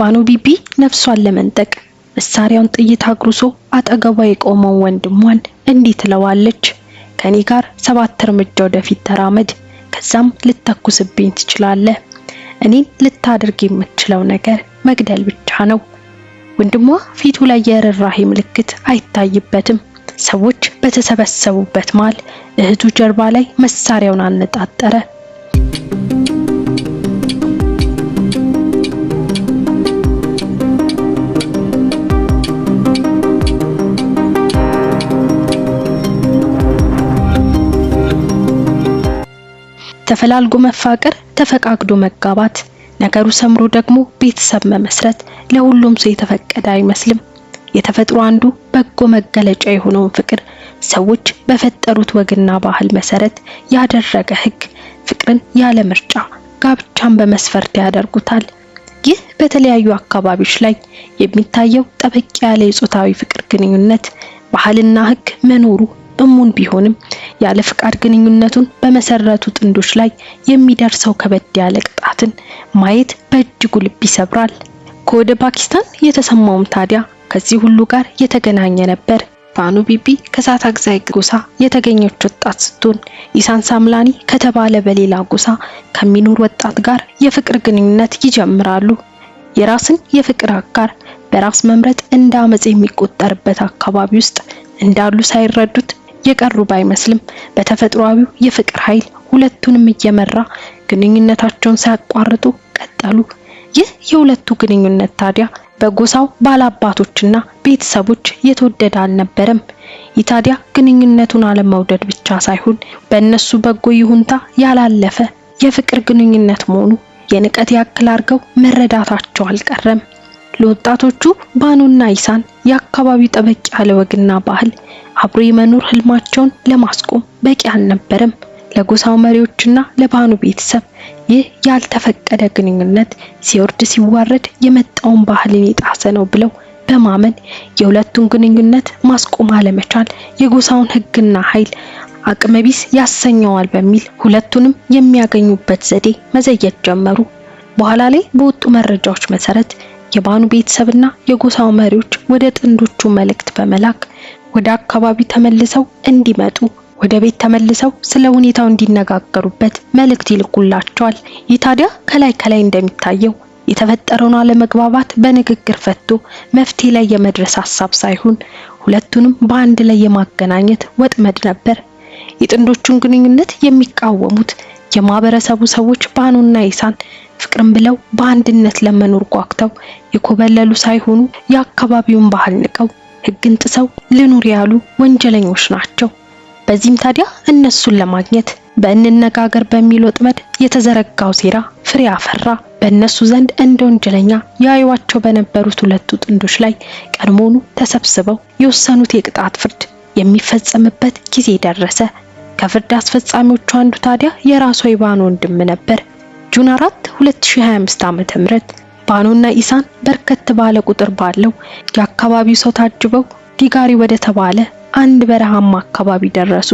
ባኑ ቢቢ ነፍሷን ለመንጠቅ መሳሪያውን ጥይት አጉርሶ አጠገቧ የቆመውን ወንድሟን እንዲህ ትለዋለች፣ ከኔ ጋር ሰባት እርምጃ ወደፊት ተራመድ፣ ከዛም ልተኩስብኝ ትችላለህ። እኔን ልታደርግ የምትችለው ነገር መግደል ብቻ ነው። ወንድሟ ፊቱ ላይ የርህራሄ ምልክት አይታይበትም። ሰዎች በተሰበሰቡበት መሃል እህቱ ጀርባ ላይ መሳሪያውን አነጣጠረ። ተፈላልጎ መፋቀር፣ ተፈቃቅዶ መጋባት፣ ነገሩ ሰምሮ ደግሞ ቤተሰብ መመስረት ለሁሉም ሰው የተፈቀደ አይመስልም። የተፈጥሮ አንዱ በጎ መገለጫ የሆነውን ፍቅር ሰዎች በፈጠሩት ወግና ባህል መሰረት ያደረገ ህግ ፍቅርን ያለ ምርጫ ጋብቻን በመስፈርት ያደርጉታል። ይህ በተለያዩ አካባቢዎች ላይ የሚታየው ጠበቅ ያለ የጾታዊ ፍቅር ግንኙነት ባህልና ህግ መኖሩ እሙን ቢሆንም ያለ ፍቃድ ግንኙነቱን በመሰረቱ ጥንዶች ላይ የሚደርሰው ከበድ ያለ ቅጣትን ማየት በእጅጉ ልብ ይሰብራል። ከወደ ፓኪስታን የተሰማውም ታዲያ ከዚህ ሁሉ ጋር የተገናኘ ነበር። ፋኑ ቢቢ አግዛይ ጎሳ የተገኘች ወጣት ስትሆን ኢሳን ሳምላኒ ከተባለ በሌላ ጎሳ ከሚኖር ወጣት ጋር የፍቅር ግንኙነት ይጀምራሉ። የራስን የፍቅር አጋር በራስ መምረጥ እንደ አመጽ የሚቆጠርበት አካባቢ ውስጥ እንዳሉ ሳይረዱት የቀሩ ባይመስልም በተፈጥሯዊው የፍቅር ኃይል ሁለቱንም እየመራ ግንኙነታቸውን ሳያቋርጡ ቀጠሉ። ይህ የሁለቱ ግንኙነት ታዲያ በጎሳው ባላባቶችና ቤተሰቦች የተወደደ አልነበረም። ይህ ታዲያ ግንኙነቱን አለመውደድ ብቻ ሳይሆን በእነሱ በጎ ይሁንታ ያላለፈ የፍቅር ግንኙነት መሆኑ የንቀት ያክል አድርገው መረዳታቸው አልቀረም። ለወጣቶቹ ባኑና ኢሳን የአካባቢው ጠበቅ ያለ ወግና ባህል አብሮ የመኖር ህልማቸውን ለማስቆም በቂ አልነበረም። ለጎሳው መሪዎችና ለባኑ ቤተሰብ ይህ ያልተፈቀደ ግንኙነት ሲወርድ ሲዋረድ የመጣውን ባህልን የጣሰ ነው ብለው በማመን የሁለቱን ግንኙነት ማስቆም አለመቻል የጎሳውን ህግና ኃይል አቅመቢስ ያሰኘዋል በሚል ሁለቱንም የሚያገኙበት ዘዴ መዘየት ጀመሩ። በኋላ ላይ በወጡ መረጃዎች መሰረት የባኑ ቤተሰብና የጎሳው መሪዎች ወደ ጥንዶቹ መልእክት በመላክ ወደ አካባቢ ተመልሰው እንዲመጡ ወደ ቤት ተመልሰው ስለ ሁኔታው እንዲነጋገሩበት መልእክት ይልኩላቸዋል። ይህ ታዲያ ከላይ ከላይ እንደሚታየው የተፈጠረውን አለመግባባት በንግግር ፈቶ መፍትሄ ላይ የመድረስ ሀሳብ ሳይሆን ሁለቱንም በአንድ ላይ የማገናኘት ወጥመድ ነበር። የጥንዶቹን ግንኙነት የሚቃወሙት የማህበረሰቡ ሰዎች ባኑና ኢሳን ፍቅርን ብለው በአንድነት ለመኖር ጓግተው የኮበለሉ ሳይሆኑ የአካባቢውን ባህል ንቀው ሕግን ጥሰው ልኑር ያሉ ወንጀለኞች ናቸው። በዚህም ታዲያ እነሱን ለማግኘት በእንነጋገር በሚል ወጥመድ የተዘረጋው ሴራ ፍሬ አፈራ። በእነሱ ዘንድ እንደ ወንጀለኛ ያዩዋቸው በነበሩት ሁለቱ ጥንዶች ላይ ቀድሞውኑ ተሰብስበው የወሰኑት የቅጣት ፍርድ የሚፈጸምበት ጊዜ ደረሰ። ከፍርድ አስፈጻሚዎቹ አንዱ ታዲያ የራሷ ይባን ወንድም ነበር። ጁን 4 2025 ዓ.ም ባኖና ኢሳን በርከት ባለ ቁጥር ባለው የአካባቢው ሰው ታጅበው ዲጋሪ ወደ ተባለ አንድ በረሃማ አካባቢ ደረሱ።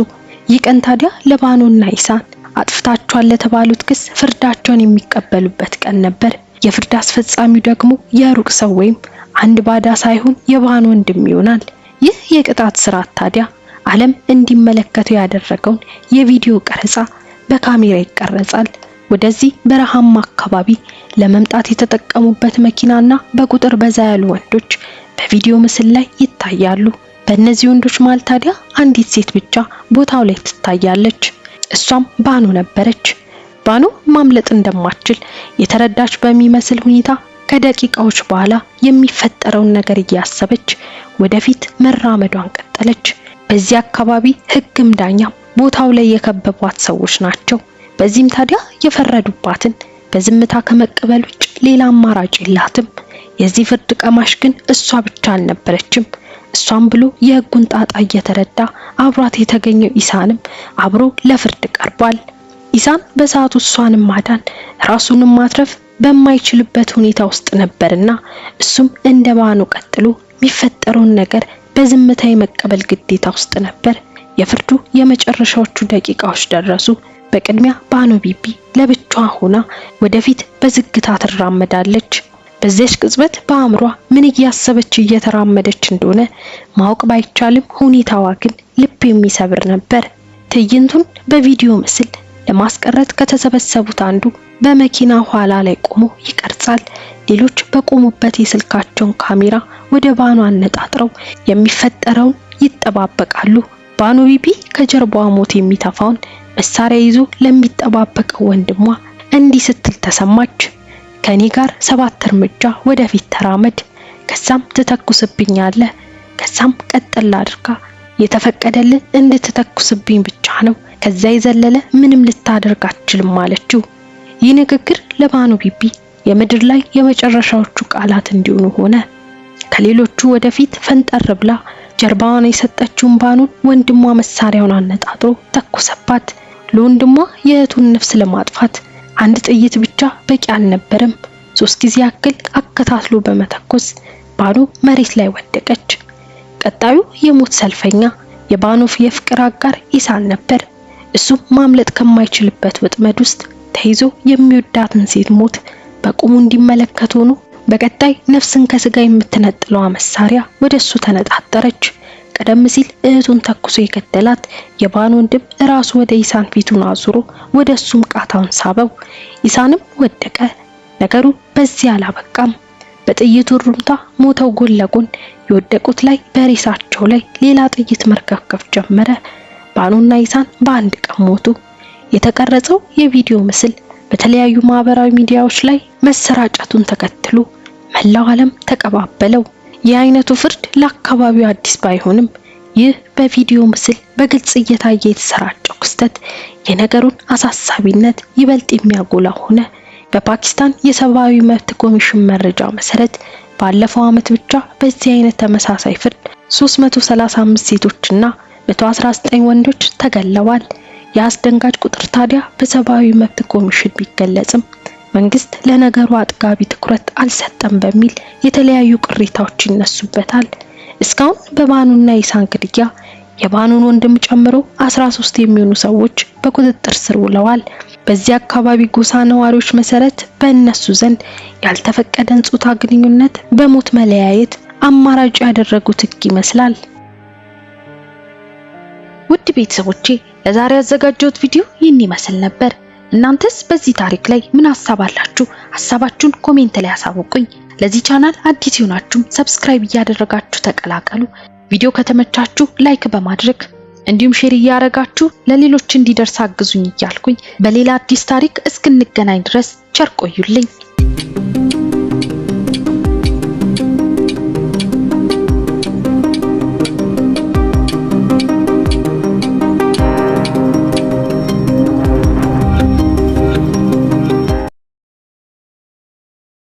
ይህ ቀን ታዲያ ለባኖና ኢሳን አጥፍታቸዋል ለተባሉት ክስ ፍርዳቸውን የሚቀበሉበት ቀን ነበር። የፍርድ አስፈጻሚው ደግሞ የሩቅ ሰው ወይም አንድ ባዳ ሳይሆን የባኖ ወንድም ይሆናል። ይህ የቅጣት ስርዓት ታዲያ ዓለም እንዲመለከተው ያደረገውን የቪዲዮ ቀረጻ በካሜራ ይቀረጻል። ወደዚህ በረሃማ አካባቢ ለመምጣት የተጠቀሙበት መኪናና በቁጥር በዛ ያሉ ወንዶች በቪዲዮ ምስል ላይ ይታያሉ። በእነዚህ ወንዶች መሃል ታዲያ አንዲት ሴት ብቻ ቦታው ላይ ትታያለች። እሷም ባኑ ነበረች። ባኑ ማምለጥ እንደማትችል የተረዳች በሚመስል ሁኔታ ከደቂቃዎች በኋላ የሚፈጠረውን ነገር እያሰበች ወደፊት መራመዷን ቀጠለች። በዚህ አካባቢ ሕግም ዳኛም ቦታው ላይ የከበቧት ሰዎች ናቸው። በዚህም ታዲያ የፈረዱባትን በዝምታ ከመቀበል ውጭ ሌላ አማራጭ የላትም። የዚህ ፍርድ ቀማሽ ግን እሷ ብቻ አልነበረችም። እሷም ብሎ የህጉን ጣጣ እየተረዳ አብሯት የተገኘው ኢሳንም አብሮ ለፍርድ ቀርቧል። ኢሳን በሰዓቱ እሷንም ማዳን ራሱንም ማትረፍ በማይችልበት ሁኔታ ውስጥ ነበርና እሱም እንደ ባኑ ቀጥሎ የሚፈጠረውን ነገር በዝምታ የመቀበል ግዴታ ውስጥ ነበር። የፍርዱ የመጨረሻዎቹ ደቂቃዎች ደረሱ። በቅድሚያ ባኖ ቢቢ ለብቻዋ ሆና ወደፊት በዝግታ ትራመዳለች። በዚያች ቅጽበት በአእምሯ ምን እያሰበች እየተራመደች እንደሆነ ማወቅ ባይቻልም ሁኔታዋ ግን ልብ የሚሰብር ነበር። ትዕይንቱን በቪዲዮ ምስል ለማስቀረት ከተሰበሰቡት አንዱ በመኪና ኋላ ላይ ቆሞ ይቀርጻል። ሌሎች በቆሙበት የስልካቸውን ካሜራ ወደ ባኗ አነጣጥረው የሚፈጠረውን ይጠባበቃሉ። ባኑ ቢቢ ከጀርባዋ ሞት የሚተፋውን መሳሪያ ይዞ ለሚጠባበቀው ወንድሟ እንዲህ ስትል ተሰማች። ከኔ ጋር ሰባት እርምጃ ወደፊት ተራመድ፣ ከዛም ትተኩስብኛለህ። ከዛም ቀጥላ አድርጋ የተፈቀደልን እንድትተኩስብኝ ብቻ ነው፣ ከዛ የዘለለ ምንም ልታደርግ አትችልም አለችው። ይህ ንግግር ለባኑ ቢቢ የምድር ላይ የመጨረሻዎቹ ቃላት እንዲሆኑ ሆነ። ከሌሎቹ ወደፊት ፈንጠር ብላ ጀርባዋን የሰጠችውን ባኑን ወንድሟ መሳሪያውን አነጣጥሮ ተኮሰባት። ለወንድሟ የእህቱን ነፍስ ለማጥፋት አንድ ጥይት ብቻ በቂ አልነበረም። ሶስት ጊዜ ያክል አከታትሎ በመተኮስ ባኖ መሬት ላይ ወደቀች። ቀጣዩ የሞት ሰልፈኛ የባኖፍ የፍቅር አጋር ኢሳን ነበር። እሱም ማምለጥ ከማይችልበት ወጥመድ ውስጥ ተይዞ የሚወዳትን ሴት ሞት በቁሙ እንዲመለከት ሆኖ በቀጣይ ነፍስን ከስጋ የምትነጥለዋ መሳሪያ ወደ እሱ ተነጣጠረች። ቀደም ሲል እህቱን ተኩሶ የገደላት የባን ወንድም እራሱ ወደ ኢሳን ፊቱን አዙሮ ወደ እሱም ቃታውን ሳበው። ኢሳንም ወደቀ። ነገሩ በዚህ አላበቃም። በጥይቱ ሩምታ ሞተው ጎን ለጎን የወደቁት ላይ በሬሳቸው ላይ ሌላ ጥይት መርከፍከፍ ጀመረ። ባኑና ኢሳን በአንድ ቀን ሞቱ። የተቀረጸው የቪዲዮ ምስል በተለያዩ ማህበራዊ ሚዲያዎች ላይ መሰራጨቱን ተከትሎ መላው ዓለም ተቀባበለው። የአይነቱ ፍርድ ለአካባቢው አዲስ ባይሆንም ይህ በቪዲዮ ምስል በግልጽ እየታየ የተሰራጨው ክስተት የነገሩን አሳሳቢነት ይበልጥ የሚያጎላ ሆነ። በፓኪስታን የሰብአዊ መብት ኮሚሽን መረጃ መሰረት ባለፈው ዓመት ብቻ በዚህ አይነት ተመሳሳይ ፍርድ 335 ሴቶችና 119 ወንዶች ተገለዋል። የአስደንጋጭ ቁጥር ታዲያ በሰብአዊ መብት ኮሚሽን ቢገለጽም መንግስት ለነገሩ አጥጋቢ ትኩረት አልሰጠም በሚል የተለያዩ ቅሬታዎች ይነሱበታል። እስካሁን በባኑና ኢሳን ግድያ የባኑን ወንድም ጨምሮ 13 የሚሆኑ ሰዎች በቁጥጥር ስር ውለዋል። በዚህ አካባቢ ጎሳ ነዋሪዎች መሰረት በእነሱ ዘንድ ያልተፈቀደን ጾታ ግንኙነት በሞት መለያየት አማራጭ ያደረጉት ህግ ይመስላል። ውድ ቤተሰቦቼ ለዛሬ ያዘጋጀሁት ቪዲዮ ይህን ይመስል ነበር። እናንተስ በዚህ ታሪክ ላይ ምን ሀሳብ አላችሁ? ሀሳባችሁን ኮሜንት ላይ አሳውቁኝ። ለዚህ ቻናል አዲስ የሆናችሁም ሰብስክራይብ እያደረጋችሁ ተቀላቀሉ። ቪዲዮ ከተመቻችሁ ላይክ በማድረግ እንዲሁም ሼር እያደረጋችሁ ለሌሎች እንዲደርስ አግዙኝ እያልኩኝ በሌላ አዲስ ታሪክ እስክንገናኝ ድረስ ቸር ቆዩልኝ።